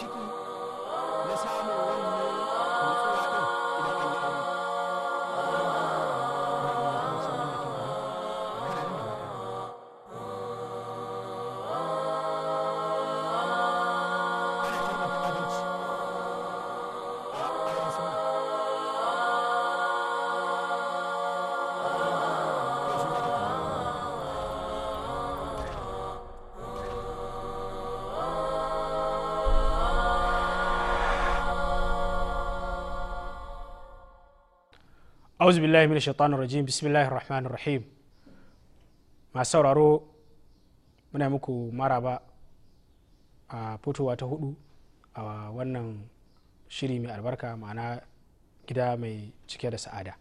마시고 a'udhu billahi minash shaitanir rajim bismillahir rahmanir rahim masu sauraro muna muku maraba a fitowa ta hudu a wannan shiri mai albarka ma'ana gida mai cike da sa'ada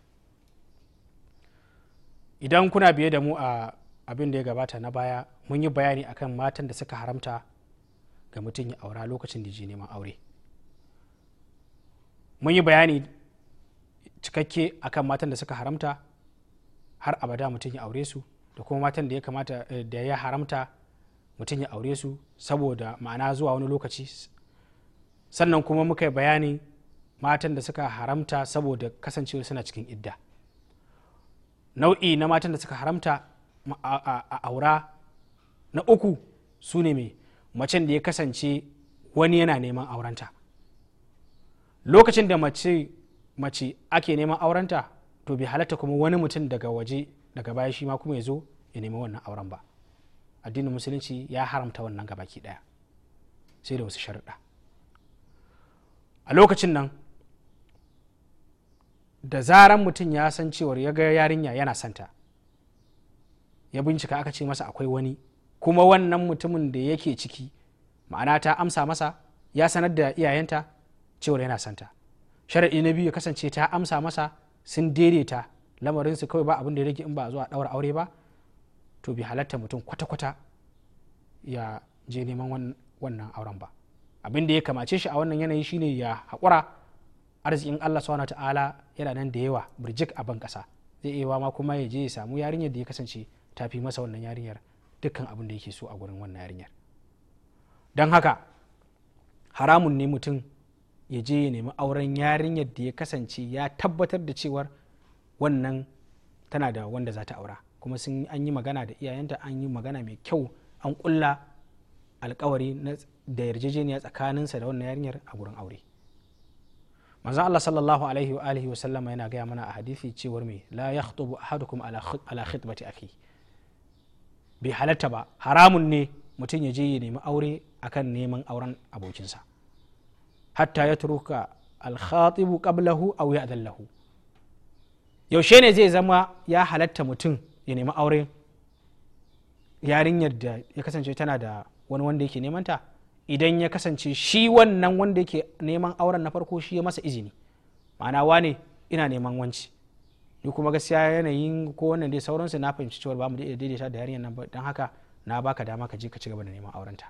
idan kuna biye da mu a abin da ya gabata na baya mun yi bayani akan matan da suka haramta ga mutum ya aura lokacin da ji neman aure mun yi bayani cikakke a kan matan da suka haramta har abada mutum ya aure su da kuma matan da ya kamata eh, da ya haramta mutum ya aure su saboda ma'ana zuwa wani lokaci sannan kuma muka yi bayani matan da suka haramta saboda kasancewa suna cikin idda nau'i na matan da suka haramta a aura na uku su ne mai macen da ya kasance wani yana neman aurenta lokacin da mace mace ake neman aurenta to bai halatta kuma wani mutum daga waje daga baya shi ma kuma ya zo ya nemi wannan auren ba addinin musulunci ya haramta wannan gabaki daya sai da wasu sharuɗa a lokacin nan da zaran mutum ya san cewar ya ga yarinya yana santa ya bincika aka ce masa akwai wani kuma wannan mutumin da yake ciki ma'ana ta amsa masa ya sanar da iyayenta cewar yana santa sharaɗi na biyu ya kasance ta amsa masa sun daidaita lamarinsu kawai ba abin da ya rage in ba a zuwa ɗaura aure ba to bi halatta mutum kwata-kwata ya je neman wannan auren ba abin da ya kamace shi a wannan yanayi shine ya haƙura arzikin allah subhanahu ta'ala yana nan da yawa birjik a ban ƙasa zai iya ma kuma ya je ya samu yarinyar da ya kasance ta fi masa wannan yarinyar dukkan abin da yake so a gurin wannan yarinyar don haka haramun ne mutum ya je ya nemi auren yarinyar da ya kasance ya tabbatar da cewar wannan tana da wanda za ta aura kuma sun an yi magana da iyayenta an yi magana mai kyau an kulla alkawari da yarjejeniya tsakaninsa da wannan yarinyar a gurin aure manzon Allah sallallahu alaihi wa alihi wa sallama yana gaya mana a hadisi cewar me la yakhtubu ahadukum ala khitbati akhi bai halatta ba haramun ne mutum ya je ya nemi aure akan neman auren abokinsa hatta ya turuka alkhatibu qablahu aw ya'dhan lahu yaushe ne zai zama ya halatta mutum ya nemi aure yarinyar da ya kasance tana da wani wanda yake neman ta idan ya kasance shi wannan wanda yake neman auren na farko shi ya masa izini ma'ana wane ina neman wanci ni kuma gaskiya yanayin ko wannan dai sauransu na fahimci cewa ba mu daidaita da yarinyar nan don haka na baka dama ka je ka ci gaba da neman aurenta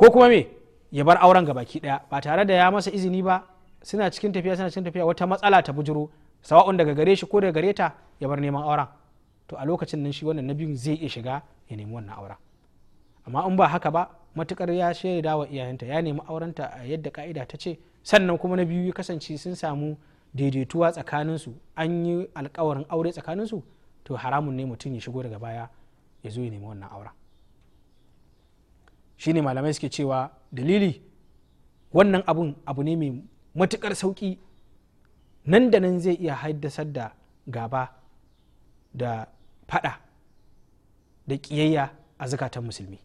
ko kuma me ya bar auren gabaki daya ba tare da ya masa izini ba suna cikin tafiya suna cikin tafiya wata matsala ta bujuro sawa'un daga gare shi ko daga gare ta ya bar neman auren to a lokacin nan shi wannan na biyun zai iya shiga ya nemi wannan auren amma in ba haka ba matukar ya shaida wa iyayenta ya nemi aurenta a yadda ka'ida ta ce sannan kuma na biyu ya kasance sun samu daidaituwa tsakaninsu an yi alkawarin aure tsakaninsu to haramun ne mutum ya shigo daga baya ya zo ya nemi wannan auren shine malamai suke cewa dalili wannan abun abu ne mai matukar sauki nan da nan zai iya haddasar da gaba da fada da kiyayya a zukatan musulmi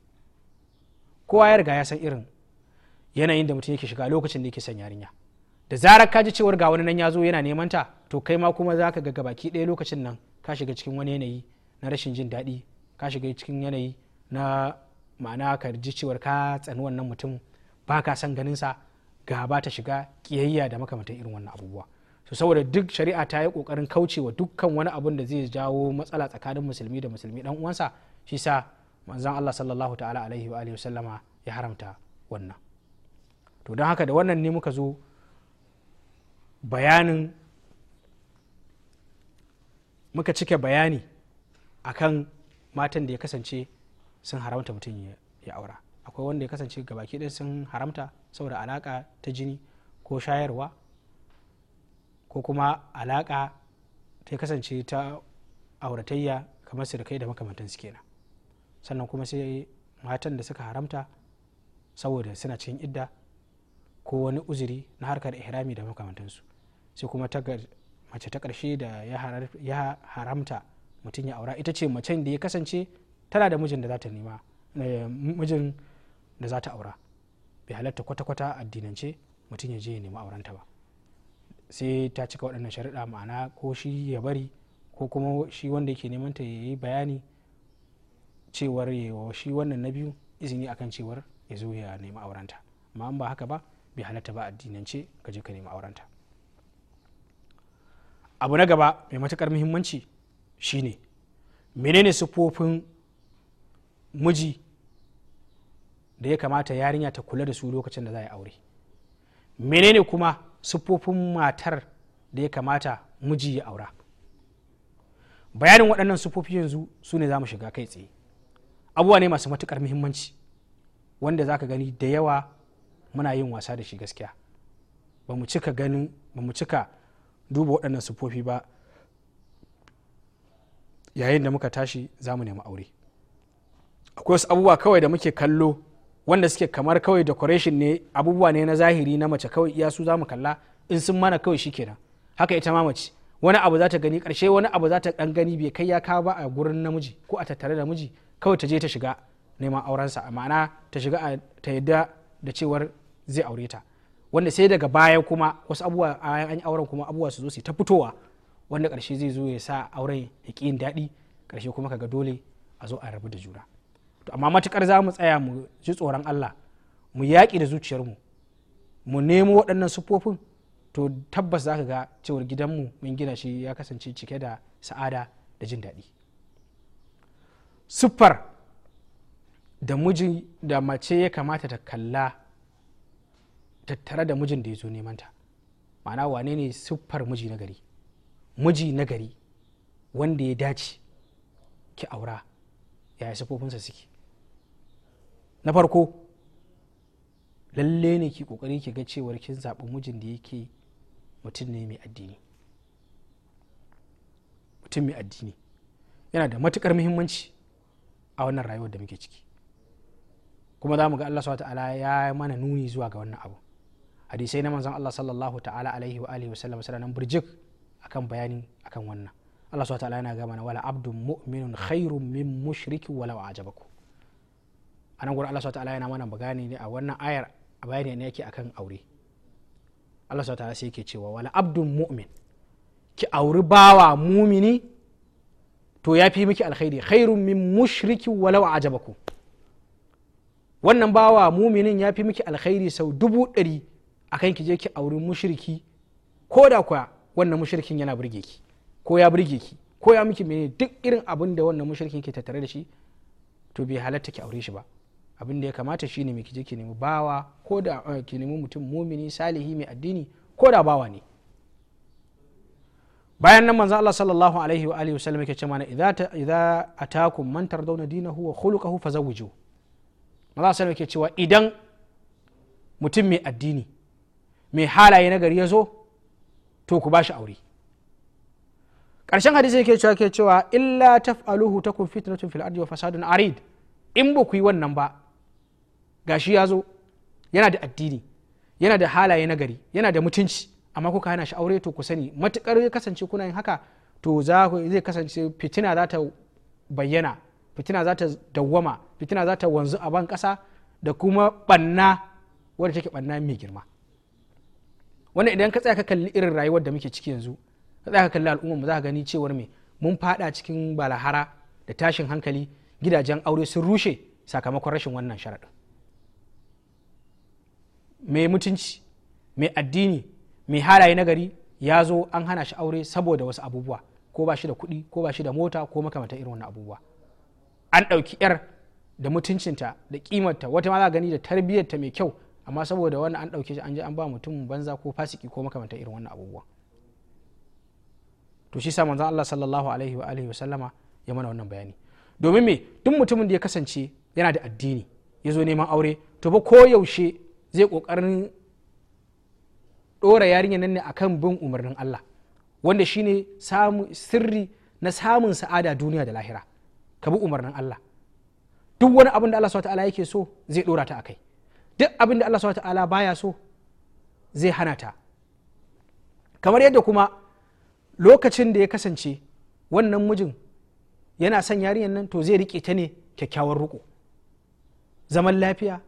kowa ya riga ya san irin yanayin da mutum yake shiga lokacin da yake son yarinya da zarar ka ji cewar ga wani nan ya zo yana neman ta to kai ma kuma za ka ga baki ɗaya lokacin nan ka shiga cikin wani yanayi na rashin jin daɗi ka shiga cikin yanayi na ma'ana ka ji cewar ka tsani wannan mutum ba ka son ganinsa ba ta shiga kiyayya da makamantan irin wannan abubuwa so saboda duk shari'a ta yi kokarin kaucewa dukkan wani abun da zai jawo matsala tsakanin musulmi da musulmi dan uwansa shi sa manzon Allah sallallahu ta'ala alaihi wa alihi wasallama ya haramta wannan to don haka da wannan ne muka zo bayanin muka cike bayani akan matan da ya kasance sun haramta mutum ya aura akwai wanda ya kasance ga baki sun haramta saboda alaƙa ta jini ko shayarwa ko kuma alaƙa ta kasance ta auratayya kamar sirkai da makamantansu kenan sannan kuma sai matan da suka haramta saboda suna cikin idda ko wani uzuri na harkar ihrami da makamantansu sai kuma mace ta ƙarshe da ya haramta mutum ya aura ita ce macen da ya kasance tana da mijin da za ta nema eh, mijin da za ta aura bai halatta kwata-kwata addinance mutum ya je ya nemi aurenta ba sai ta cika waɗannan shari'a ma'ana ko shi ya bari ko kuma shi wanda yake neman ta yi bayani cewar yawa shi wannan na biyu izini akan cewar ya zo ya nemi aurenta amma an ba haka ba bai halatta ba addinance ka je ka nemi aurenta abu na gaba mai matukar muhimmanci shine menene siffofin miji da ya kamata yarinya ta kula da su lokacin da za a yi aure menene kuma siffofin matar da ya kamata miji ya aura bayanin waɗannan siffofi yanzu su ne za mu shiga kai tsaye abuwa ne masu matukar muhimmanci wanda za ka gani da yawa muna yin wasa da shi gaskiya ba mu cika ganin ba mu cika duba waɗannan siffofi ba yayin da muka tashi za mu nemi aure akwai wasu abubuwa kawai da muke kallo wanda suke kamar kawai decoration ne abubuwa ne na zahiri na mace kawai iya su zamu kalla in sun mana kawai shi kenan haka ita ma mace wani abu za ta gani karshe wani abu za ta dan gani bai kai ya kawo ba a gurin namiji ko a tattare da miji kawai ta je ta shiga neman aurensa a ma'ana ta shiga ta yadda da cewar zai aure ta wanda sai daga baya kuma wasu abubuwa an yi auren kuma abubuwa su zo su ta fitowa wanda karshe zai zo ya sa auren ya ƙi yin daɗi karshe kuma kaga dole a zo a rabu da juna To amma matukar za mu tsaya mu ji tsoron Allah mu yaƙi da zuciyar mu mu nemo waɗannan siffofin to tabbas za ka ga cewar mu mun gina shi ya kasance cike da sa'ada da jin daɗi siffar da miji da mace ya kamata ta kalla tattare da mijin da ya zo nemanta ma'ana wane ne siffar miji na gari miji na gari wanda ya dace ki aura yaya siffofinsa suke na farko lalle ne ki kokari ki ga cewar kin zaɓi mijin da yake mutum ne mai addini mutum mai addini yana da matukar muhimmanci a wannan rayuwar da muke ciki kuma za mu ga Allah ta'ala ya mana nuni zuwa ga wannan abu hadisai na manzon Allah sallallahu ta'ala alaihi wa alihi wasallam sanan burjik akan bayani akan wannan Allah ta'ala yana ga mana wala abdun mu'minun khairun min mushriki walau ajabaku a nan gurin Allah ta'ala yana mana bagani ne a wannan ayar a bayani ne yake akan aure Allah ta'ala sai yake cewa wala abdul mu'min ki auri bawa mumini to ya fi miki alkhairi khairun min mushriki walau ajabaku wannan bawa muminin ya fi miki alkhairi sau dubu ɗari akan ki je ki auri mushriki ko da kuwa wannan mushrikin yana burge ki ko ya burge ki ko ya miki mene duk irin abin da wannan mushrikin ke tattare da shi to bai halatta ki aure shi ba abin da ya kamata shine mai kije ki nemi bawa ko da eh, ki nemi mutum mumini salihi mai addini ko da bawa ne bayan nan manzo Allah sallallahu alaihi wa alihi wasallam yake ce mana idza idza atakum man tardawna dinahu wa khuluquhu fazawwiju manzo sallallahu yake cewa idan mutum mai addini mai halaye na gari ya zo to ku bashi aure ƙarshen hadisi yake cewa yake cewa illa taf'aluhu takun fitnatun fil ardi wa fasadun arid in ba ku yi wannan ba gashi ya zo yana da addini yana da halaye na gari yana da mutunci amma kuka hana shi aure to ku sani matukar ya kasance kuna yin haka to zai kasance fitina za ta bayyana fitina za ta dawwama fitina za ta wanzu a ban kasa da kuma banna wadda take banna mai girma wannan idan ka tsaya ka kalli irin rayuwar da muke ciki yanzu ka tsaya ka kalli al'ummar mu za ka gani cewar me mun fada cikin balahara da tashin hankali gidajen aure sun rushe sakamakon rashin wannan sharaɗin mai mutunci mai addini mai halaye nagari ya zo an hana shi aure saboda wasu abubuwa ko ba shi da kuɗi ko ba shi da mota ko makamata irin wannan abubuwa an ɗauki 'yar da mutuncinta da kimarta wata ma za gani da tarbiyyarta mai kyau amma saboda wannan an ɗauke shi an je an ba mutum banza ko fasiki ko makamata irin wannan abubuwa to shi sa manzon Allah sallallahu alaihi wa alihi wa sallama ya mana wannan bayani domin me duk mutumin da ya kasance yana da addini ya zo neman aure to ba ko yaushe zai ƙoƙarin ɗora yarinyar nan ne akan bin umarnin Allah wanda shine samu sirri na samun sa'ada duniya da lahira ka bi umarnin Allah duk wani abin da Allah subhanahu ta'ala yake so zai ɗora ta kai. duk abin da Allah subhanahu ta'ala baya so zai hana ta kamar yadda kuma lokacin da ya kasance wannan mijin yana son yarinyar nan to zai rike ta ne kyakkyawar riko zaman lafiya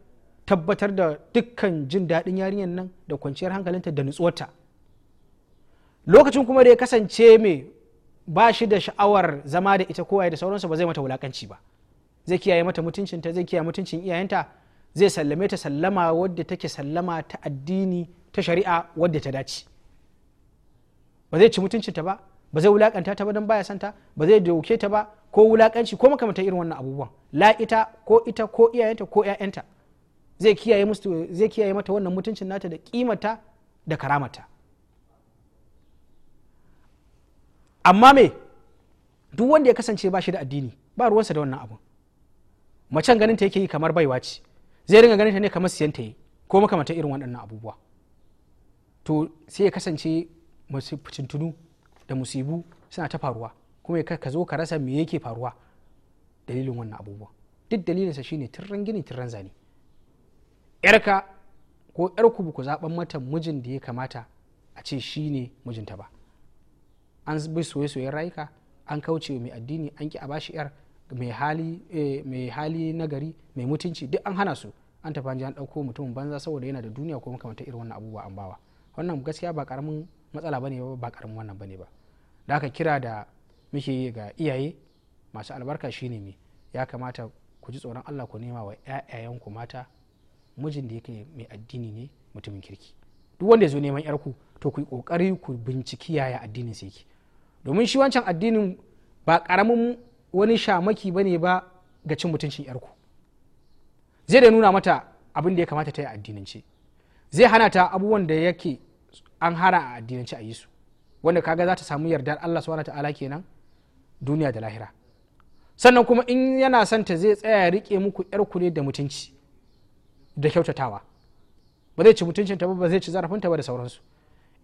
tabbatar da dukkan jin daɗin yarinyar nan da kwanciyar hankalinta da nutsuwarta lokacin kuma da ya kasance mai ba shi da sha'awar zama da ita kowaye da sauransu ba zai mata wulakanci ba zai kiyaye mata mutuncinta zai kiyaye mutuncin iyayenta zai sallame ta sallama wadda take sallama ta addini ta shari'a wadda ta dace ba zai ci mutuncinta ba ba zai wulakanta ta ba don baya santa ba zai dauke ta ba ko wulakanci ko makamantar irin wannan abubuwan la ita ko ita ko iyayenta ko 'ya'yanta zai kiyaye musu zai kiyaye mata wannan mutuncin nata da kimata da karamata amma me duk wanda ya kasance ba shi da addini ba ruwansa da wannan abu. macen ganin ta yake yi kamar baiwa ce zai ringa ganin ta ne kamar siyan ta yi ko makamata irin waɗannan abubuwa to sai ya kasance fitintunu da musibu suna ta faruwa kuma ka zo ka rasa me yake faruwa dalilin wannan abubuwa duk dalilinsa shine tirran gini tirran zane yarka ko yarku ba ku zaɓen mata mijin da ya kamata a ce shi ne mijinta ba an bi soye-soyen rayuka an kauce mai addini an ki a bashi yar eh, mai hali na gari mai mutunci duk an hana su an tafi an ɗauko mutumin banza saboda yana da duniya ko makamantar irin wannan abubuwa an bawa wannan gaskiya ba karamin matsala bane ba ba karamin wannan bane ba da aka kira da muke yi ga iyaye masu albarka shine me ya kamata ku ji tsoron Allah ku nema wa 'ya'yayanku mata mijin da yake mai addini ne mutumin kirki duk wanda ya zo neman yarku to ku yi kokari ku binciki yaya addinin sa yake domin shi wancan addinin ba karamin wani shamaki ne ba ga cin mutuncin yarku zai da nuna mata abin da ya kamata ta yi addinance zai hana ta abubuwan da yake an hana a addinance a yi su wanda kaga za ta samu yardar Allah subhanahu ta'ala kenan duniya da lahira sannan kuma in yana son ta zai tsaya ya rike muku yarku ne da mutunci da kyautatawa ba zai ci mutuncinta ba ba zai ci zarafinta ba da sauransu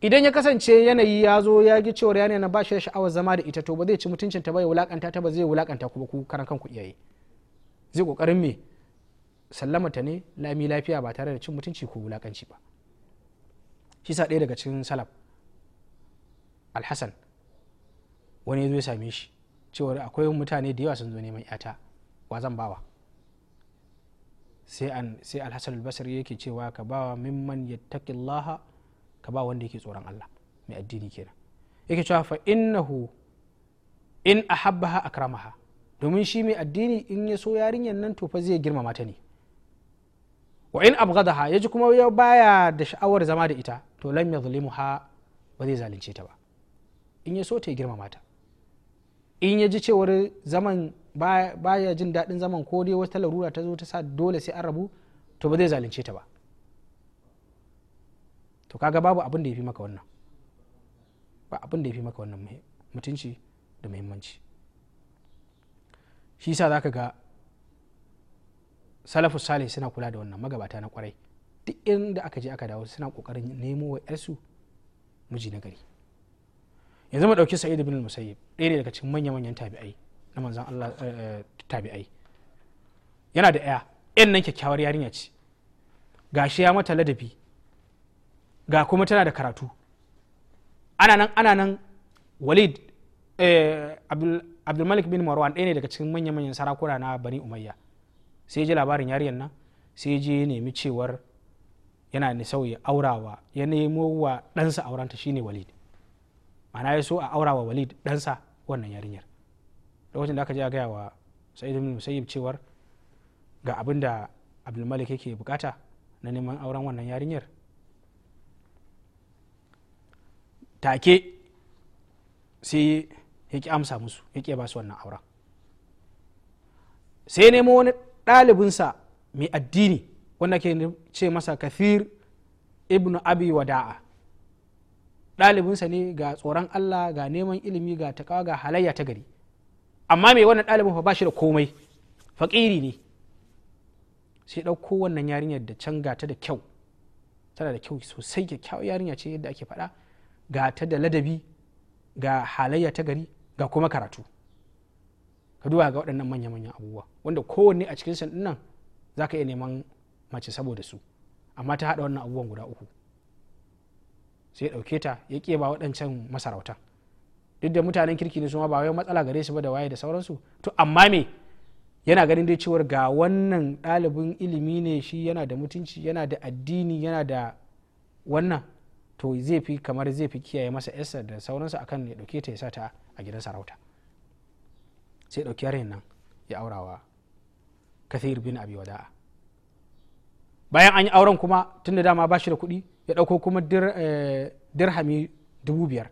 idan ya kasance yanayi ya zo ya gi cewar yana na ba shi da sha'awar zama da ita to ba zai ci mutuncinta ba ya wulakanta ta ba zai wulakanta ku ba ku karan kanku iyaye zai kokarin me sallama ta ne lami lafiya ba tare da cin mutunci ko wulakanci ba shi sa ɗaya daga cikin salaf alhassan wani ya zo ya same shi cewar akwai mutane da yawa sun zo neman yata wa zan bawa sai alhassan albasar yake cewa ka ba wa mimman yattaqillaha ka ba wanda yake tsoron Allah mai addini kenan yake cewa fa innahu in ahabbaha akramaha domin shi mai addini in ya so yarinyar nan to fa zai girmama ta ne wa in ya ji kuma ya baya da sha'awar zama da ita to lam yadhlimuha ba zai zalunce ta ba in ya so ta girmama ta in ya ji cewar zaman ba ya jin daɗin zaman ko dai wata larura ta zo ta sa dole sai an rabu to ba zai zalunce ta ba to kaga babu abin da ya fi maka wannan ba abin da ya fi maka wannan mutunci da muhimmanci shi sa za ka ga salafus salih suna kula da wannan magabata na kwarai duk inda aka je aka dawo suna kokarin nemo wa yarsu miji na gari yanzu mu dauki sa'id bin al-musayyib ɗaya ne daga cikin manya-manyan tabi'ai na manzan Allah eh, eh, tabi'ai yana da ɗaya yan nan kyakkyawar yarinya ce ga shi ya mata ladabi ga kuma tana da karatu ana nan ana nan walid eh, abdulmalik bin marwan ɗaya ne daga cikin manya-manyan sarakuna na bani umayya sai ji labarin yarinyar nan sai je nemi cewar yana ne sauyi aurawa ya nemo wa ɗansa auranta shine walid ma'ana ya so a aurawa walid ɗansa wannan yarinyar lokacin da aka je a gaya wa sa'id ibn musayyib cewar ga abin da abdulmalik yake bukata na neman auren wannan yarinyar take sai ya ki amsa musu ya ba su wannan auren sai nemo wani ɗalibinsa mai addini wanda ke ce masa kathir ibn abi wada'a ɗalibinsa ne ga tsoron allah ga neman ilimi ga takawa ga halayya ta gari amma mai wannan ɗalibin fa ba shi da komai faƙiri ne sai ɗauko wannan yarinyar da can gata da kyau tana da kyau sosai kyakkyawar yarinya ce yadda ake faɗa ga da ladabi ga halayya ta gari ga kuma karatu ka duba ga waɗannan manya-manyan abubuwa wanda kowanne a cikin san nan za ka iya neman mace saboda su amma ta haɗa wannan abubuwan guda uku sai ya ɗauke ta ya ƙeba waɗancan masarauta duk da mutanen kirki ne su ma ba wai matsala gare su ba da waye da sauransu to amma me yana ganin dai cewar ga wannan ɗalibin ilimi ne shi yana da mutunci yana da addini yana da wannan to zai fi kamar zai fi kiyaye masa yarsa da sauransu akan ya dauke ta ya sata a gidan sarauta sai dauki yaren nan ya aurawa kathir bin abi wada'a bayan an yi auren kuma tun da dama ba shi da kuɗi ya ɗauko kuma eh, dirhami dubu biyar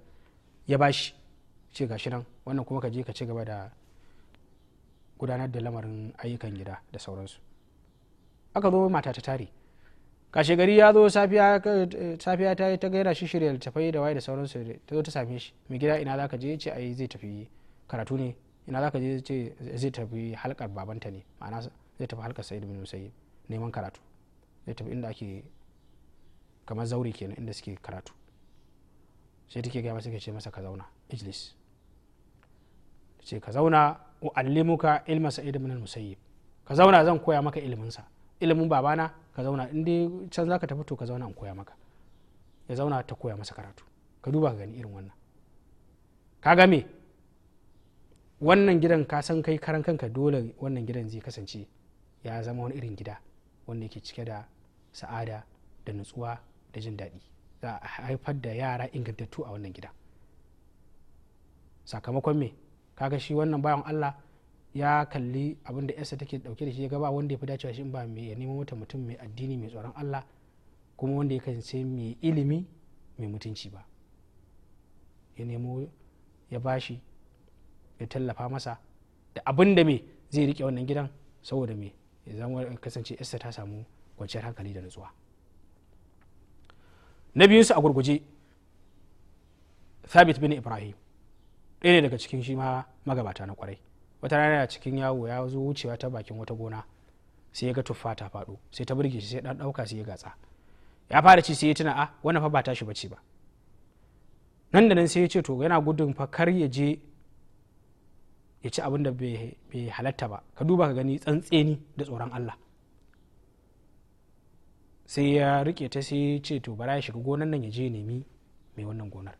ya bashi ce ga shi nan wannan kuma ka je ka ci gaba da gudanar da lamarin ayyukan gida da sauransu aka zo mata ta tare kashe gari ya zo safiya ta yi ta gaira shi shirya littafai da waye da sauransu ta zo ta same shi mai gida ina zaka je ce ai zai tafi karatu ne ina zaka je ce zai tafi halkar babanta ne ma'ana zai tafi halkar sa'id bin sai neman karatu zai tafi inda ake kamar zaure kenan inda suke karatu sai take gaya masa ce masa ka zauna ijlis ce ka zauna allimuka ilmin sa'id ibn al-musayyib ka zauna zan koya maka ilmin sa ilimin babana ka zauna in dai can zaka tafi to ka zauna in koya maka ya zauna ta koya masa karatu ka duba ka gani irin wannan ka ga me wannan gidan ka san kai karan kanka dole wannan gidan zai kasance ya zama wani irin gida wanda yake cike da sa'ada da nutsuwa da jin daɗi za a haifar da yara ingantattu a wannan gida sakamakon me kaga shi wannan bayan allah ya kalli abin da yarsa take dauke da shi ya gaba wanda ya fi dacewa shi ba mai ya nemo mata mutum mai addini mai tsoron allah kuma wanda ya kasance mai ilimi mai mutunci ba ya nemo ya bashi ya tallafa masa da abin da me zai rike wannan gidan saboda me ya zama kasance yarsa ta samu kwanciyar hankali da nutsuwa na biyun su a gurguje thabit bin ibrahim ɗaya ne daga cikin shi ma magabata na kwarai wata rana a cikin yawo ya zo wucewa ta bakin wata gona sai ya ga tuffa ta faɗo sai ta burge shi sai ɗan ɗauka sai ya gatsa ya fara ci sai ya tuna a ah, wannan fa ba tashi bace ba nan da nan sai ya ce to yana gudun fa kar ya je ya ci abin da bai halatta ba ka duba ka gani tsantseni da tsoron Allah sai ya rike ta sai ya ce to bara ya shiga gonan nan ya je nemi mai wannan gonar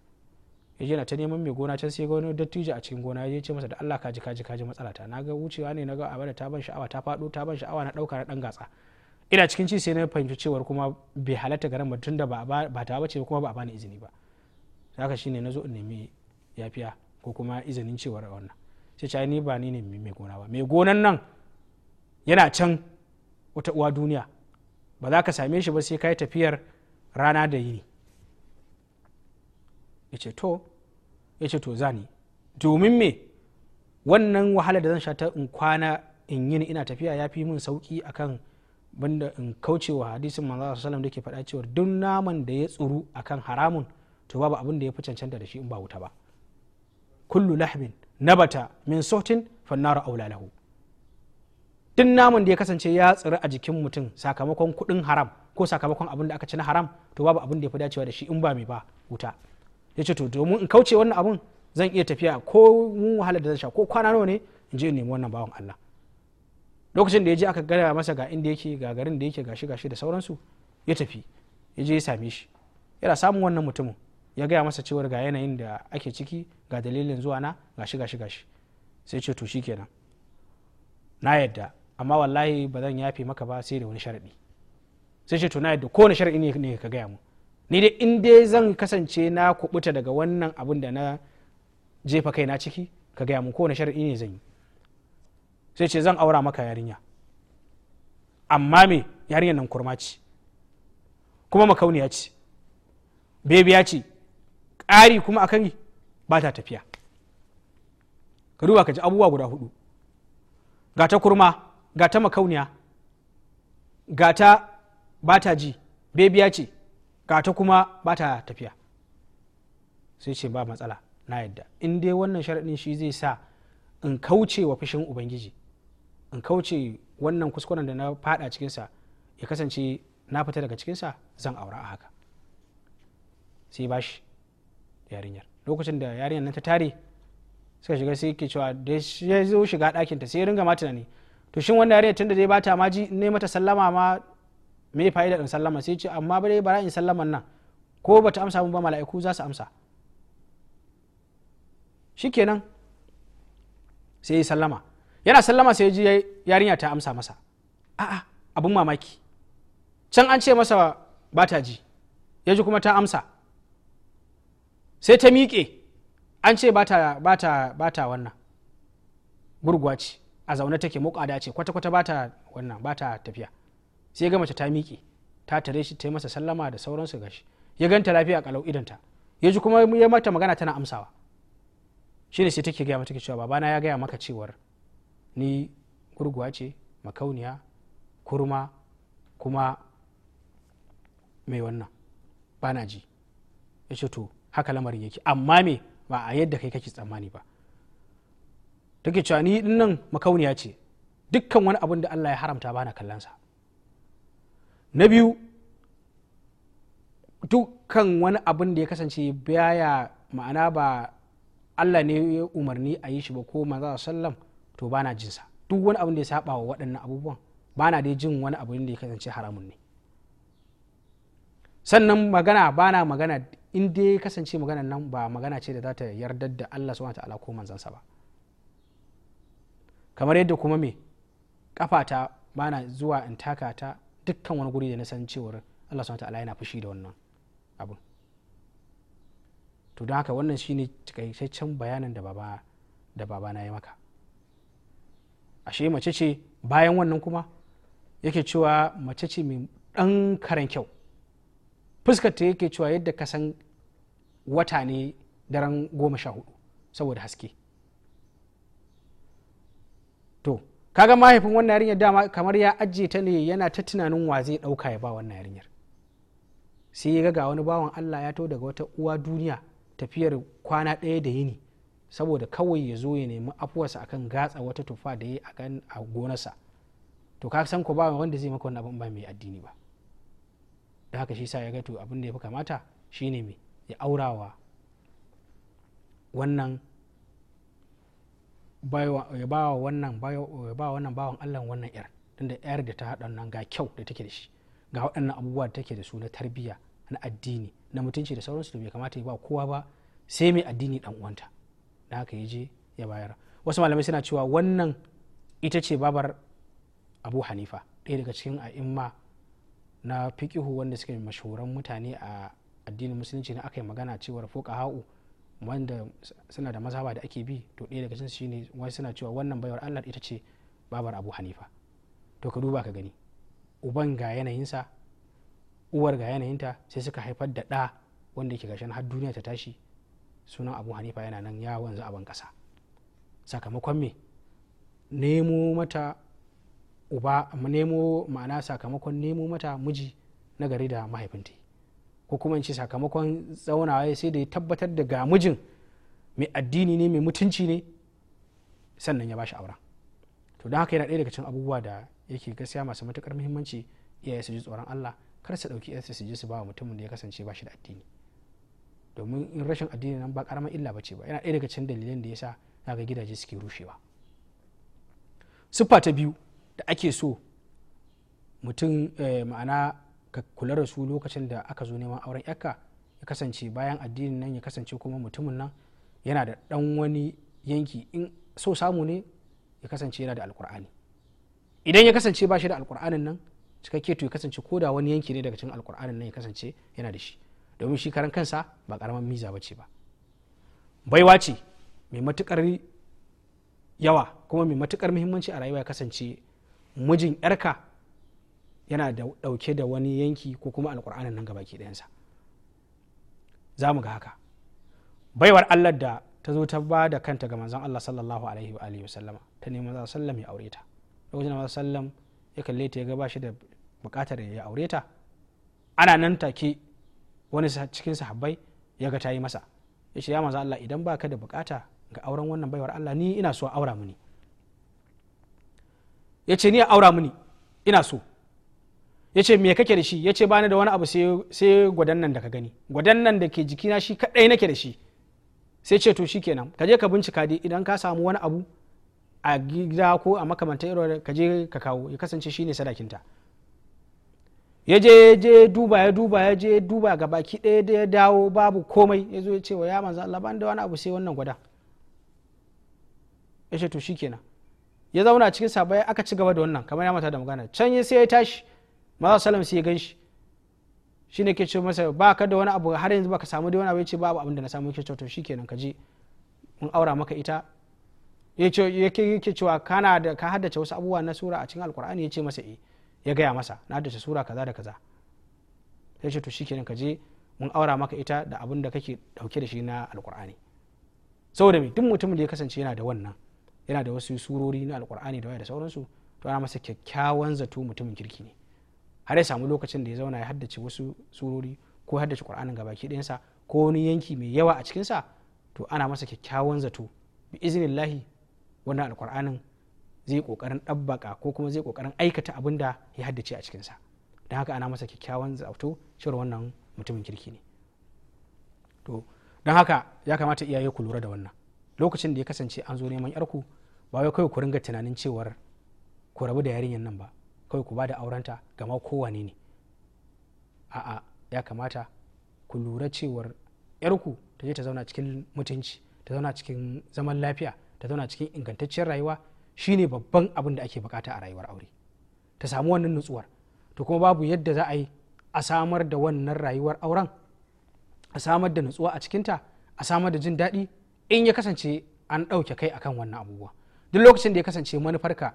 ya je na ta neman mai gona can sai ga wani dattijo a cikin gona ya ce masa da Allah ji ka ji matsala ta naga wucewa ne naga abada ta ban sha'awa ta fado ta ban sha'awa na dauka na dan gatsa ina cikin ci sai na fahimci cewar kuma bai halatta garin ba da ba ba ta bace kuma ba a bani izini ba haka shine nazo in nemi yafiya ko kuma izinin cewar wannan sai ce ni ba ni ne mai gona ba mai gonan nan yana can wata uwa duniya ba za ka same shi ba sai kai tafiyar rana da yini ya ce to ya ce to zani domin me wannan wahala da zan sha ta in kwana in yi ina tafiya ya fi min sauki akan banda in kauce wa hadisin manzo sallam da ke faɗa cewa duk naman da ya tsuru akan haramun to babu abin da ya fi cancanta da shi in ba wuta ba kullu lahmin nabata min sautin fannaru aula lahu duk naman da ya kasance ya tsiri a jikin mutum sakamakon kuɗin haram ko sakamakon abin da aka ci na haram to babu abin da ya fi dacewa da shi in ba mai ba wuta ya ce to domin in kauce wannan abun zan iya tafiya ko mun wahala da zan sha ko kwana nawa ne in je in nemi wannan bawan Allah lokacin da ya je aka gaya masa ga inda yake ga garin da yake gashi gashi da sauransu ya tafi ya je ya same shi yana samun wannan mutumin ya gaya masa cewar ga yanayin da ake ciki ga dalilin zuwa na gashi gashi gashi sai ce to kenan na yadda amma wallahi ba zan yafe maka ba sai da wani sharadi sai ce to na yadda kowane sharadi ne ka gaya mu ni dai in dai zan kasance na kubuta daga wannan abin da na jefa kai na ciki ka gaya mun kowane shari'i ne zan yi sai ce zan aura maka yarinya amma me yarinya nan kurma ce kuma makauniya ce bebiya ce ƙari kuma a kari ba ta tafiya ka duba ka ji abubuwa guda hudu ga ta kurma ga ta makauniya ga ta ba ta ji bebiya ce ga ta kuma ba ta tafiya sai ce ba matsala na yadda in dai wannan sharaɗin shi zai sa in kauce wa fushin ubangiji in kauce wannan kuskuren da na fada cikinsa ya kasance na fita daga cikinsa zan aura a haka sai ba shi yarinyar lokacin da yarinyar nan ta tare suka shiga sai ke cewa da ya zo shiga ɗakinta sai ya ringa ma tunani to shin wannan yarinyar tun da zai bata ma ji ne mata sallama ma me fa'idar in sallama sai ce amma bare bara in sallaman nan ko ba ta amsa mun ba mala'iku za su amsa shikenan sai ya sallama yana sallama sai ji yarinya ta amsa masa a'a abun mamaki can an ce masa ba ta ji ya ji kuma ta amsa sai ta miƙe an ce ba ta wannan gurguwa ce a zaune take muƙada ce kwata-kwata ba ta wannan ba ta tafiya sai ga mace ta miƙe ta tare shi ta yi masa sallama da sauransu gashi ya ganta lafiya kalau idanta ya ji kuma ya mata magana tana amsawa shi ne sai take gaya mata cewa babana ya gaya maka cewar ni gurguwa ce makauniya kurma kuma mai wannan bana ji ya ce to haka lamarin yake amma me ba a yadda kai kake tsammani ba take cewa ni dinnan makauniya ce dukkan wani abin da Allah ya haramta bana kallansa na biyu dukkan wani abin da ya kasance baya ma'ana ba allah ne ya umarni a yi shi ba ko maza sallam to bana jinsa duk wani abin da ya saba wa waɗannan abubuwan bana dai jin wani abin da ya kasance haramun ne sannan magana bana magana in dai ya kasance magana nan ba magana ce da za ta yarda da allah wata ta'ala ko manzansa ba kamar yadda kuma me kafata bana zuwa in taka ta dukkan wani guri da na san cewar Allah subhanahu ta'ala yana fushi da wannan abun to don haka wannan shine cikakken bayanin da baba da baba na yi maka ashe mace ce bayan wannan kuma yake cewa mace ce mai dan karan kyau fuskar ta yake cewa yadda ka san wata ne daren goma sha hudu saboda haske to kaga mahaifin wannan yarinyar dama kamar ya ajiye ta ne yana ta tunanin wa zai ɗauka ya ba wannan yarinyar sai ya ga wani bawan allah ya to daga wata uwa duniya tafiyar kwana ɗaya da yini saboda kawai ya zo ya nemi afuwarsa akan gatsa wata tufa da ya akan a gonarsa to ka san ko ba wanda zai maka wannan abin ba mai addini ba da haka shi sa ya ga to abin da ya fi kamata shine mai ya aurawa wannan ya ba wa wannan bawan Allah wannan yar tunda yar da ta haɗa nan ga kyau da take da shi ga waɗannan abubuwa da take da su na tarbiyya na addini na mutunci da sauransu da bai kamata ya ba kowa ba sai mai addini dan uwanta da haka ya je ya bayar wasu malamai suna cewa wannan ita ce babar abu hanifa ɗaya daga cikin a'imma na fiƙihu wanda suke mashahuran mutane a addinin musulunci na aka yi magana cewar foka ha'u wanda suna da mazhaba da ake bi to ɗaya daga cikin shine wani suna cewa wannan baiwar Allah ita ce babar Abu Hanifa to ka duba ka gani uban ga yanayinsa uwar ga yanayinta sai suka haifar da ɗa wanda yake gashin har duniya ta tashi sunan Abu Hanifa yana nan ya wanzu a ban ƙasa sakamakon me nemo mata uba nemo ma'ana sakamakon nemo mata miji na gari da mahaifinta ko kuma in ce sakamakon tsaunawa sai da ya tabbatar da ga mijin mai addini ne mai mutunci ne sannan ya ba shi aura to don haka yana ɗaya daga cikin abubuwa da yake gaskiya masu matukar muhimmanci iyaye su ji tsoron Allah kar su ɗauki yarsa su je su ba mutumin da ya kasance ba shi da addini domin in rashin addini nan ba karamar illa bace ba yana ɗaya daga cikin dalilan da yasa ga gidaje suke rushewa siffa ta biyu da ake so mutum eh, ma'ana ka kula da su lokacin da aka zo neman auren yakka ya kasance bayan addinin nan ya kasance kuma mutumin nan yana da dan wani yanki in so samu ne ya kasance yana da alkur'ani idan ya kasance ba shi da alkur'anin nan cikakke to ya kasance ko da wani yanki ne daga cikin alkur'anin nan ya kasance yana da shi domin shi karan kansa ba karaman miza bace ba baiwa ce mai matukar yawa kuma mai matukar muhimmanci a rayuwa ya kasance mijin yarka yana da dauke da wani yanki ko kuma alkur'anin nan gaba ke ɗayansa za mu ga haka baiwar allah da ta zo ta ba da kanta ga manzon allah sallallahu alaihi wa alihi wasallama ta neman sallam ya aure ta lokacin da sallam ya kalle ta ya ga bashi da bukatar ya aure ta ana nan take wani cikin sahabbai ya ga ta yi masa ya ce ya manzon Allah idan ba ka da bukata ga auren wannan baiwar Allah ni ina so aura mini ya ce ni a aura mini ina so ya ce me kake da shi ya ce bani da wani abu sai gwadan nan da ka gani gwadan nan da ke jikina shi kaɗai nake da shi sai ce to shi kenan ka je ka bincika dai idan ka samu wani abu a gida ko a makamantar irin ka je ka kawo ya kasance shi ne sadakinta ya je je duba ya duba ya je duba ga baki ɗaya da ya dawo babu komai ya zo ya ce wa ya manzo Allah ban da wani abu sai wannan gwada ya ce to shi kenan ya zauna cikin sabai aka ci gaba da wannan kamar ya mata da magana can sai ya tashi maza salam sai ya gan shi shi ne ke ce masa ba ka da wani abu har yanzu ba ka samu da wani abu ya ce babu abin da na samu ke to shi kenan ka je mun aura maka ita ya ce cewa kana da ka haddace wasu abubuwa na sura a cikin alkur'ani ya ce masa eh ya gaya masa na haddace sura kaza da kaza sai ce to shi kenan ka je mun aura maka ita da abin da kake dauke da shi na alkur'ani saboda me duk mutumin da ya kasance yana da wannan yana da wasu surori na alkur'ani da waya da sauransu to ana masa kyakkyawan zato mutumin kirki ne har ya samu lokacin da ya zauna ya haddace wasu surori ko haddace qur'anin baki ɗayansa ko wani yanki mai yawa a cikinsa to ana masa kyakkyawan zato bi iznillahi wannan alqur'anin zai kokarin ɗabbaka ko kuma zai kokarin aikata abin da ya haddace a cikinsa don haka ana masa kyakkyawan zato cewa wannan mutumin kirki ne to don haka ya kamata iyaye ku lura da wannan lokacin da ya kasance an zo neman yarku ba wai kawai ku ringa tunanin cewar ku rabu da yarinyar nan ba kawai ku ba da aurenta gama kowane ne a'a ya kamata ku lura cewar yarku ta je ta zauna cikin mutunci ta zauna cikin zaman lafiya ta zauna cikin ingantacciyar rayuwa shine babban abin da ake bukata a rayuwar aure ta samu wannan nutsuwar to kuma babu yadda za a yi a samar da wannan rayuwar auren a samar da nutsuwa a cikinta a samar da jin daɗi in ya kasance an ɗauke kai akan wannan abubuwa duk lokacin da ya kasance manufarka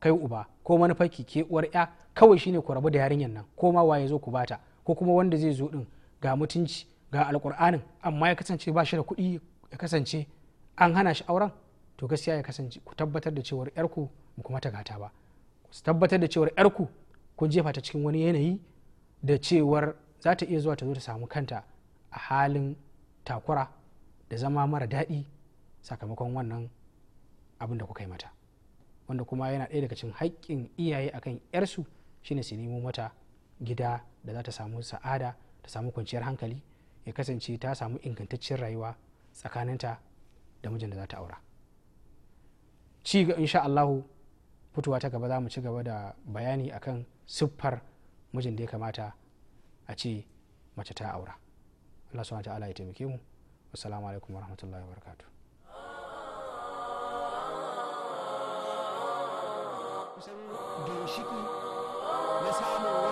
kai uba ko manufarki ke uwar ya kawai shine ku rabu da yarinyar nan ko ma waye zo ku bata ko kuma wanda zai zo din ga mutunci ga alkur'anin amma ya kasance ba shi da kuɗi ya kasance an hana shi auren to gaskiya ya kasance ku tabbatar da cewar yarku ba kuma ta gata ba ku tabbatar da cewar yarku kun jefa ta cikin wani yanayi da cewar za ta iya zuwa ta zo ta samu kanta a halin takura da zama mara daɗi sakamakon wannan abin da kuka yi mata wanda kuma yana ɗaya daga cikin haƙƙin iyaye akan yarsu shine su nemo mata gida da za ta samu sa'ada ta samu kwanciyar hankali ya kasance ta samu ingantaccen rayuwa tsakaninta da mijin da za ta aura ci ga insha Allahu fitowa ta gaba za mu ci gaba da bayani akan siffar mijin da ya kamata a ce mace ta aura Allah subhanahu wa ta'ala ya taimake mu assalamu alaikum warahmatullahi wabarakatuh kusan ginshiƙi na samun